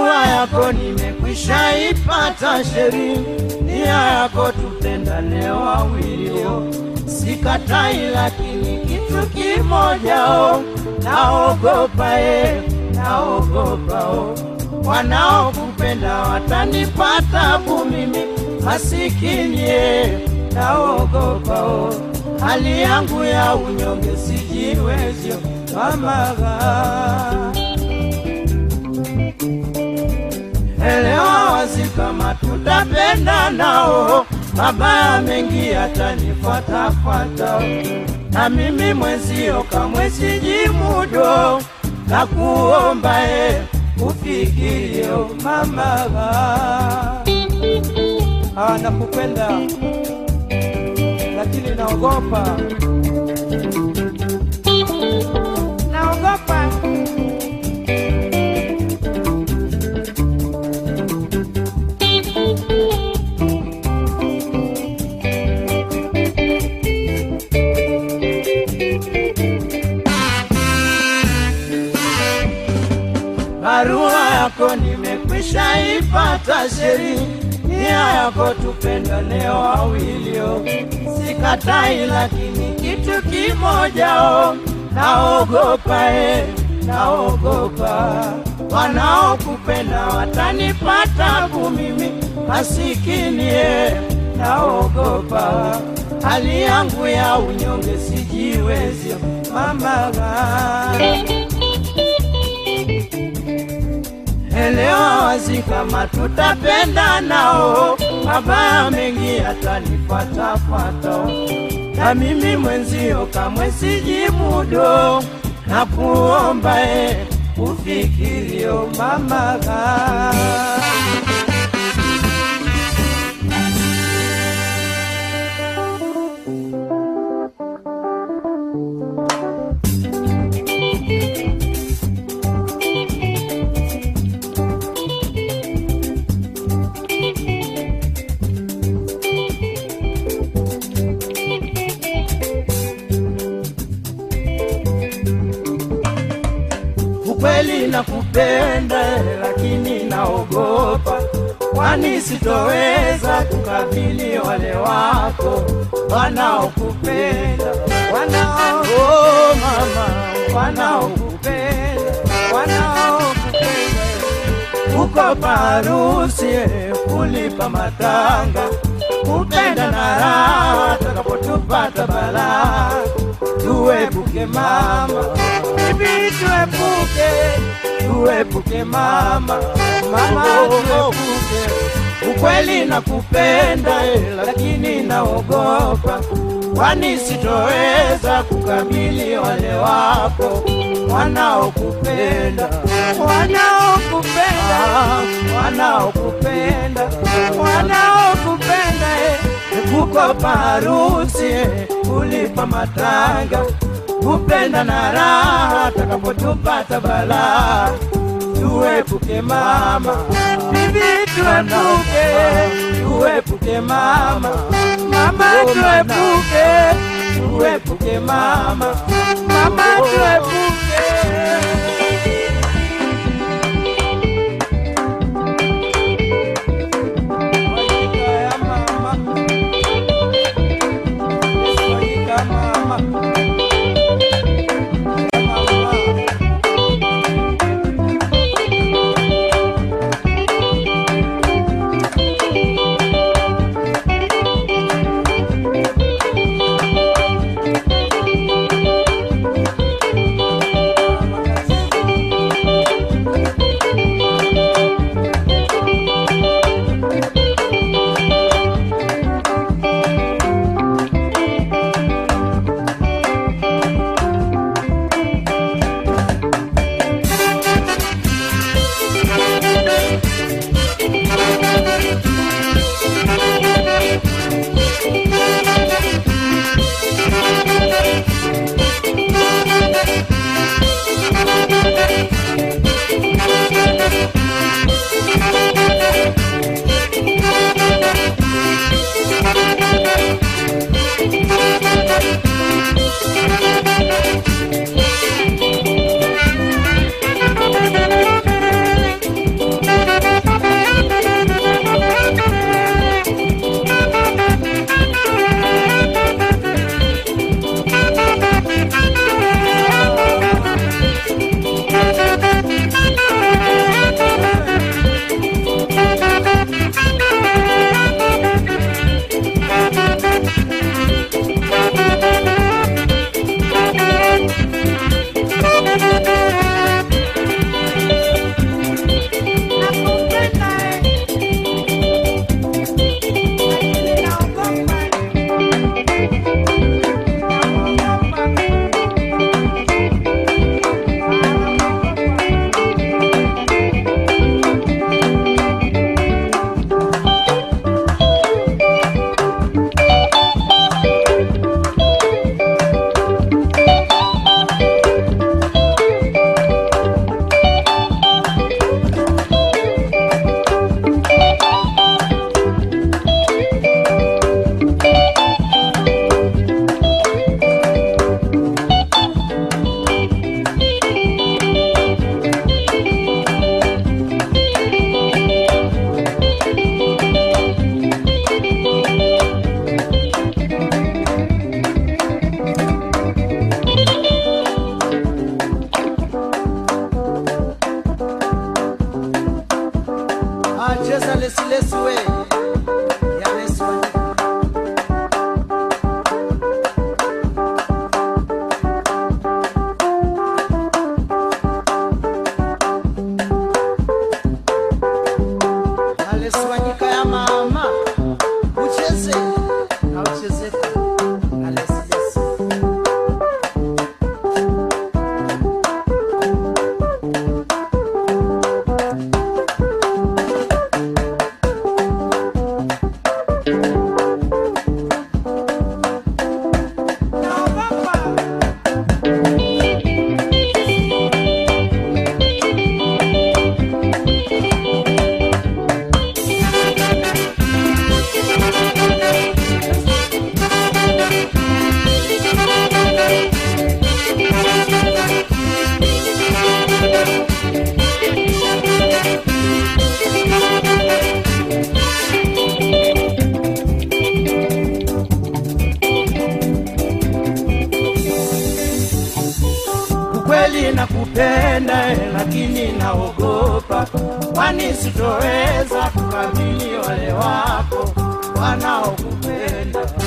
Mvua yako nimekwisha ipata sheri, nia yako tupendane wawilio, sikatai, lakini kitu kimoja o oh. kimojao naogopae, eh. o oh. wanaokupenda watanipata bu mimi eh. ogopa o oh. hali yangu ya unyonge mama gaa. Ah. elewa wazi kama tutapenda nao, mabaya mengi yatanifuatafuata, na mimi mwenzio kamwe sijimudo, na kuomba e ufikirio oh mama anakupenda ah, lakini naogopa sheri nia yako tupendane wawilio, sikatai, lakini kitu kimojao oh, naogopa, e, naogopa wanaokupenda watanipata mimi masikini, e, naogopa hali yangu ya unyonge sijiwezi mama Leo wazi kama tutapenda nao, mabaya mengi yatanifuatafuata, na mimi mwenzio kamwe sijimudo, kuomba e ufikirio mamaga nipende, lakini naogopa, kwani sitoweza kukabili wale wako wanaokupenda, wanao oh, mama wanaokupenda, wanaokupenda uko parusi kulipa matanga kupenda na raha takapotupata balaa tuepuke mama, ibi tuepuke tuepuke mama, mama tuepuke. Ukweli nakupenda eh, lakini naogopa, kwani sitoweza kukabili wale wako wanaokupenda, wanaokupenda, wanaokupenda, wanaokupenda kukopa eh. harusi kulipa eh, matanga, kupenda na raha utakapotupata bala tuepuke mama, bibi tuepuke, tuepuke mama, mama tuepuke, tuepuke mama this way. nakupenda lakini naogopa, kwani sitoweza kukamili wale wako wanaokupenda.